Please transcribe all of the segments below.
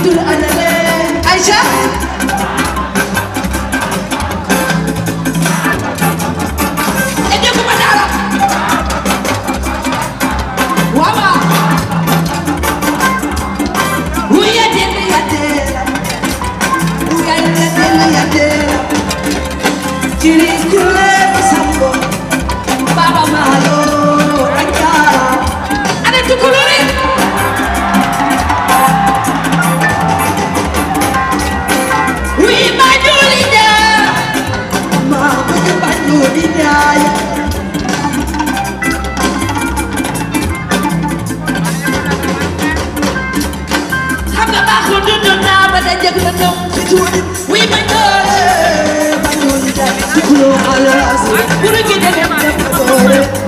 Abdoul Anale Aïcha Thank you.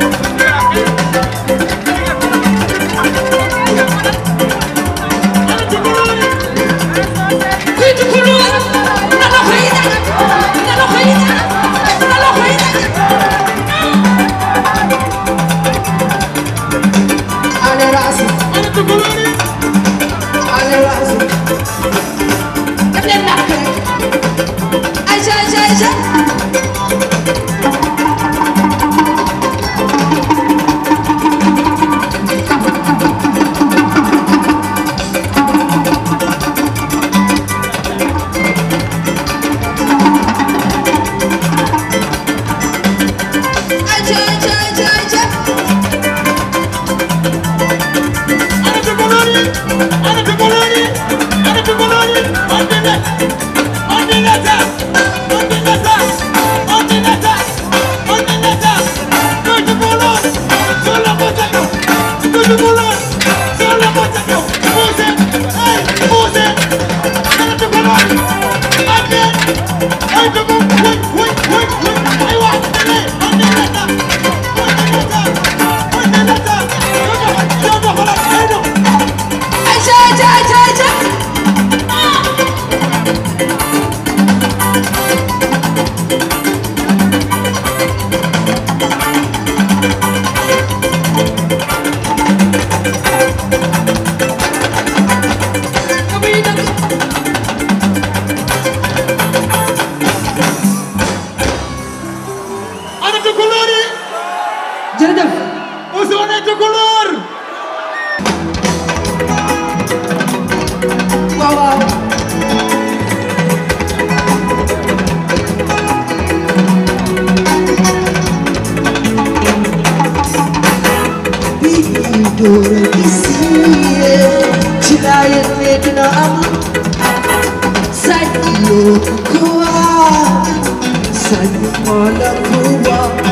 Sen bana kurban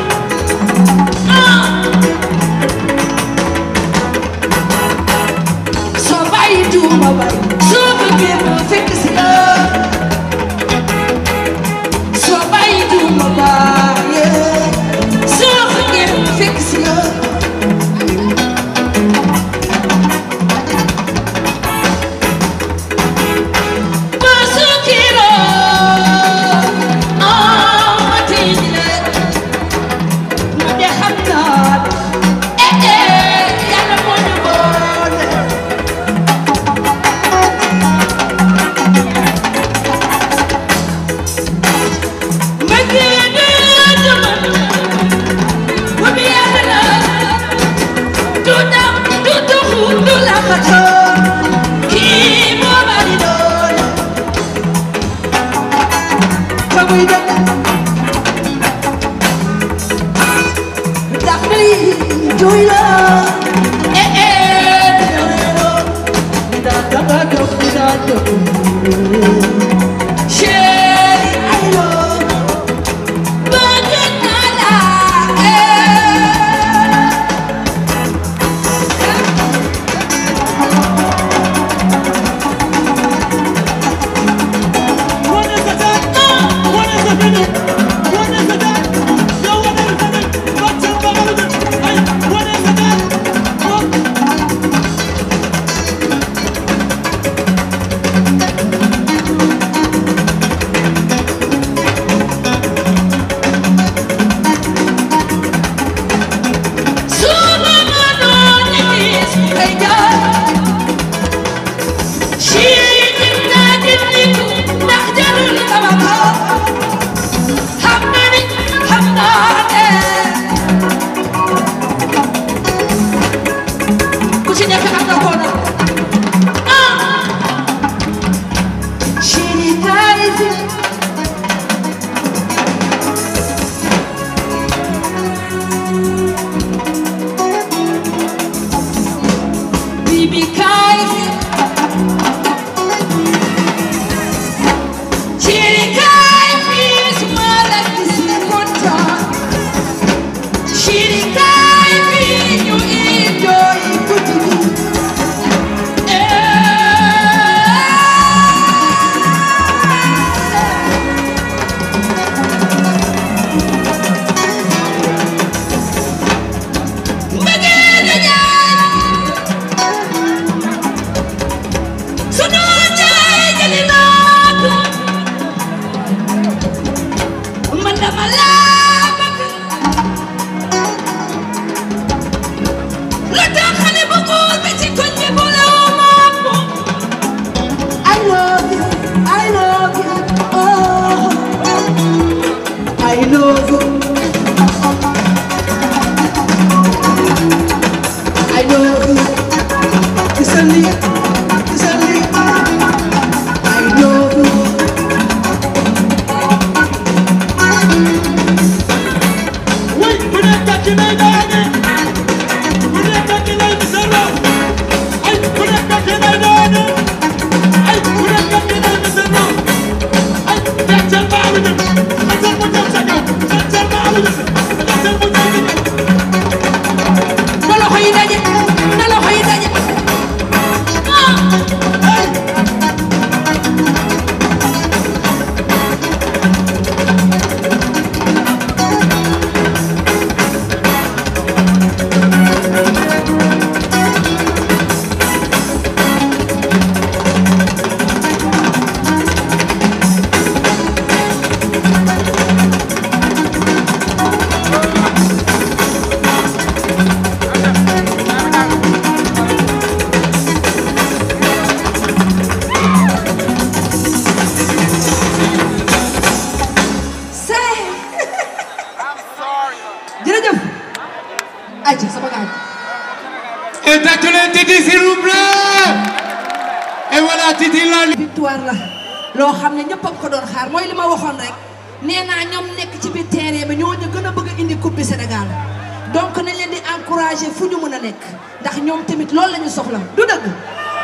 engagé fu ñu mën a nekk ndax ñoom tamit loolu la ñu soxla du dëgg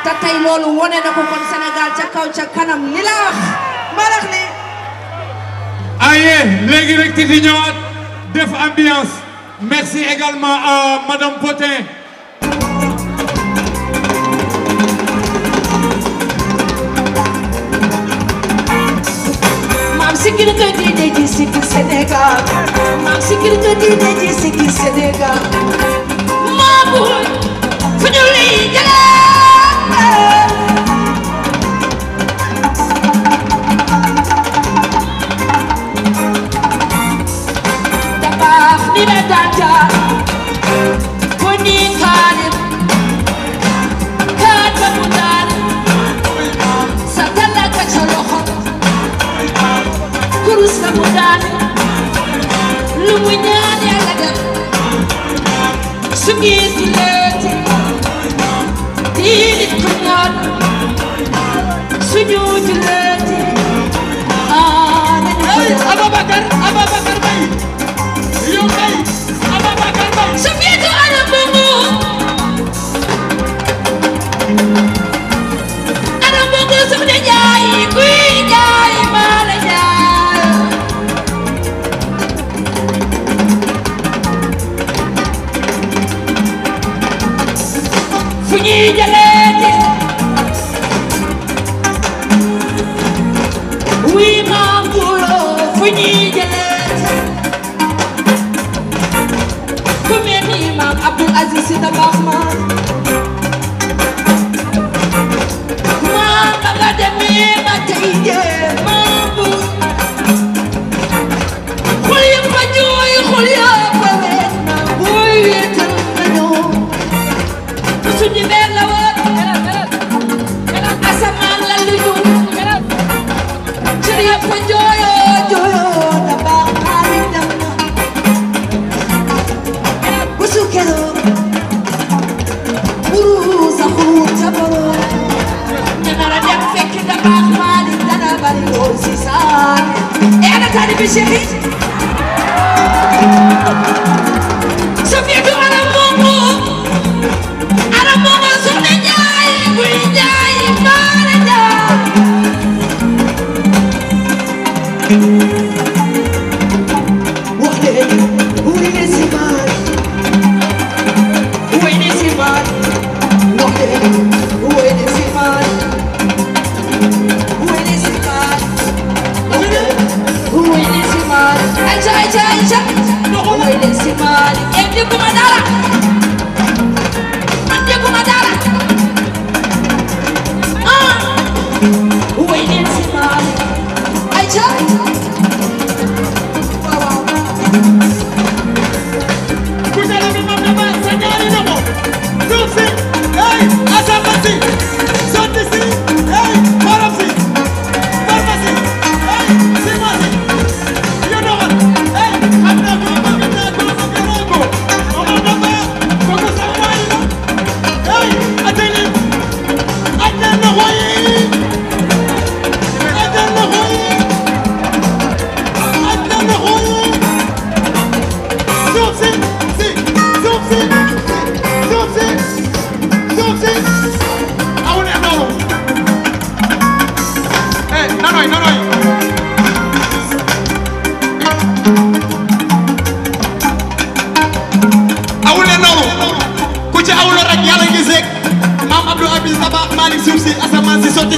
te tey loolu wone na ko kon Sénégal ca kaw ca kanam li la wax mbalax li aye léegi rek ti di ñëwaat def ambiance merci également à madame Potin sécurité diine ji sikki Sénégal maam sécurité diine ji sikki Sénégal Lumière Submissez-le.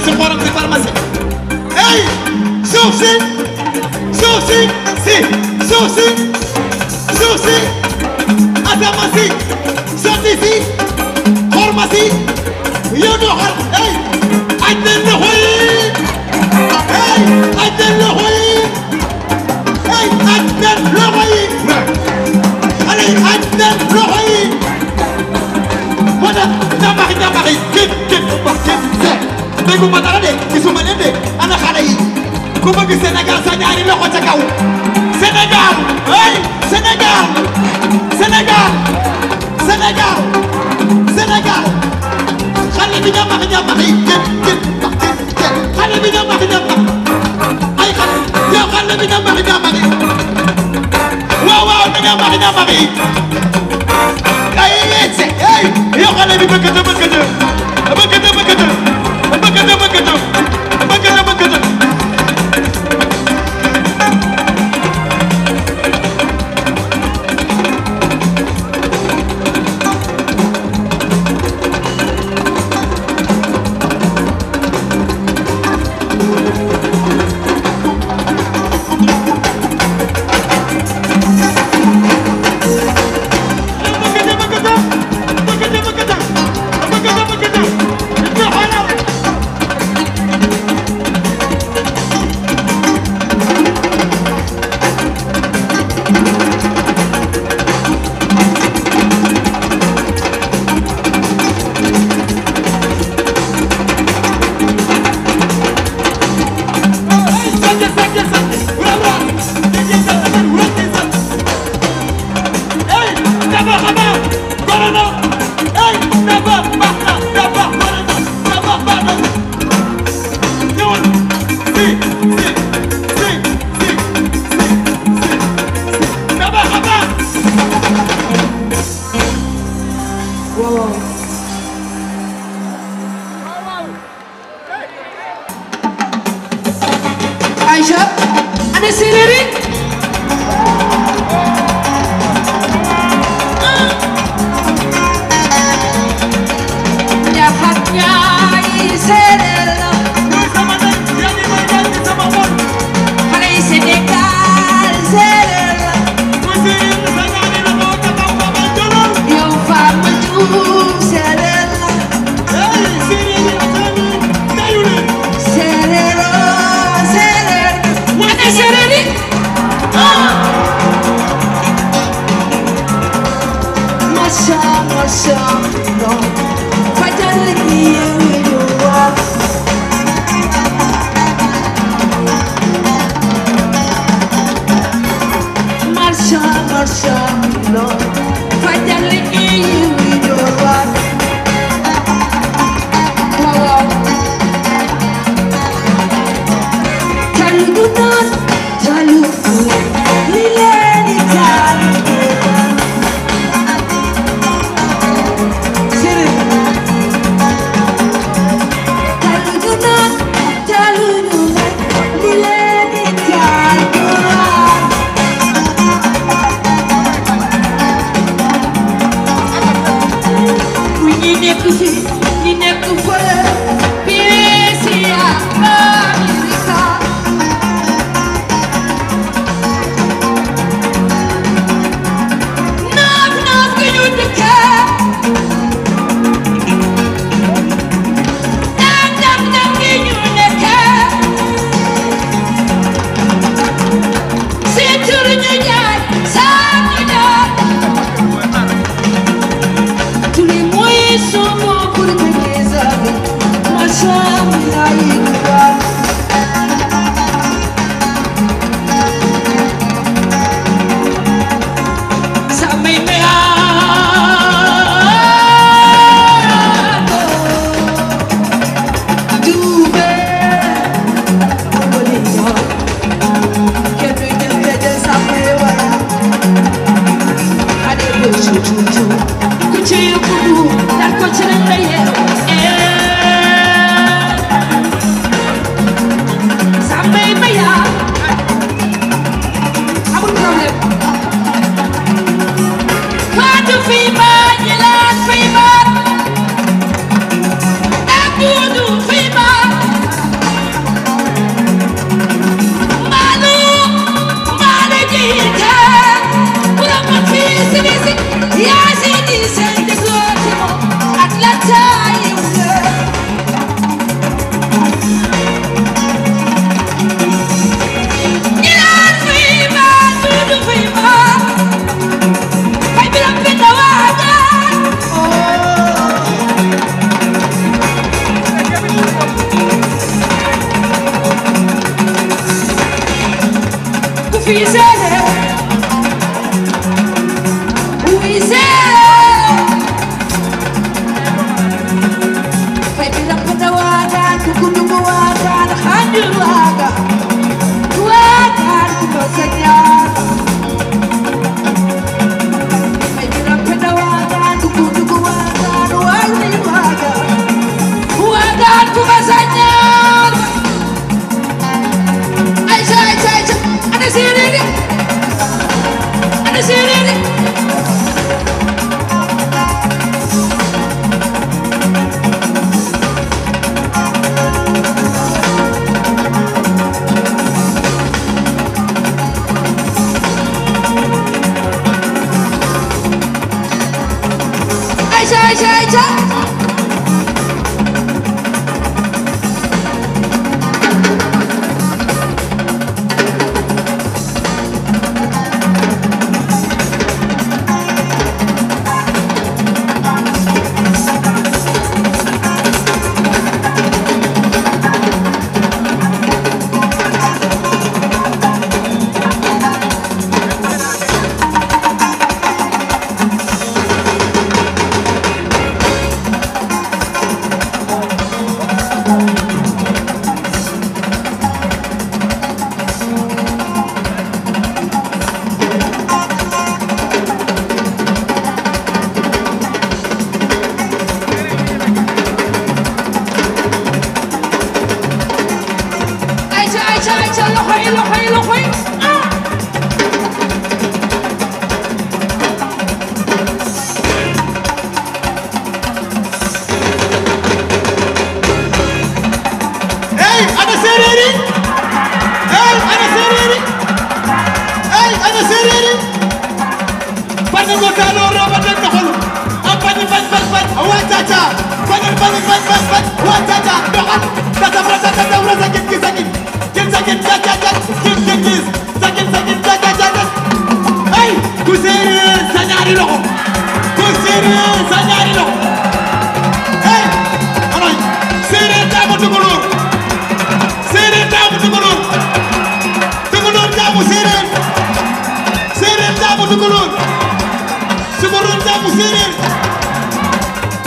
bind ci xorom si pharmacie hey si suuf si si suuf si suuf si adama si sotti si xorma si gisuma dara de gisuma leen de ana xale yi loxo ca kaw Sénégal hey Sénégal Sénégal Sénégal Sénégal xale xale bi ñam ak ñam xale bi ñam ak ñam bi ñam ak ñam ay xale bi bëgg te Zawsze mi na imię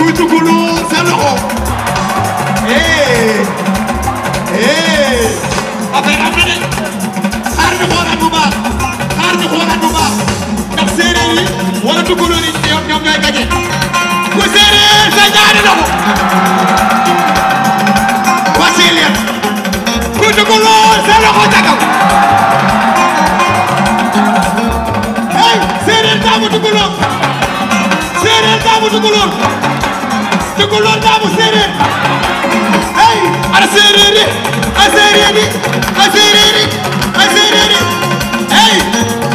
kuy tukuloo sa loxo eh eh affaire am na de xaar ñu xoolaat bu baax xaar ñu xoolaat bu baax ndax séeréer yi wala tukuloo yi ñoom ñoom ñooy gañe ku séeréer sa ñaari loxo facile ya ku tukuloo sa loxo sa kaw hey séeréer taamu tukuloo séeréer tukulóor daamu séeréer hey ana séeréer yi ay séeréer yi ay séeréer yi ay séeréer yi hey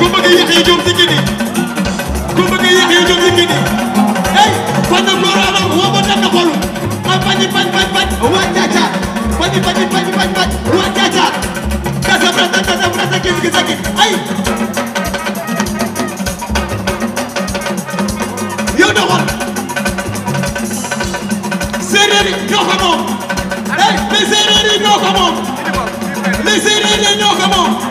ku bëgg yéex yi jom si gidi ku bëgg yéex yi jom si gidi hey fan la góor a amal woo ba tànn xolu ay bañ bañ bañ bañ waa caca bañ bañ bañ bañ bañ waa caca kasa brasa kasa brasa gis gis ay yi ñoo ko moom. les séeréer yi ñoo ko moom. les séeréer yi ñoo ko moom.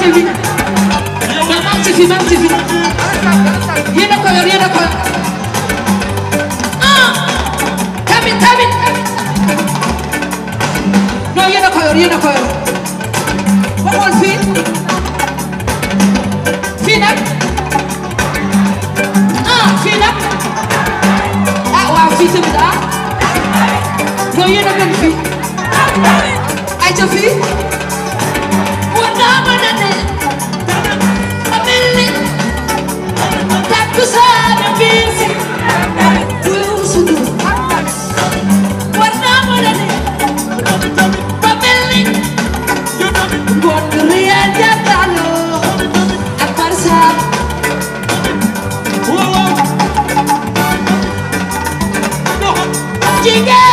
ci fi maa ci fi maa ci fi yéen a ko yor yéen a ko ah tamit tamit non yéen a ko yor yéen a ko yor waxoon fii fii nag ah fii nag ah waaw fii tamit ah non yéen a gën fii. Jingle!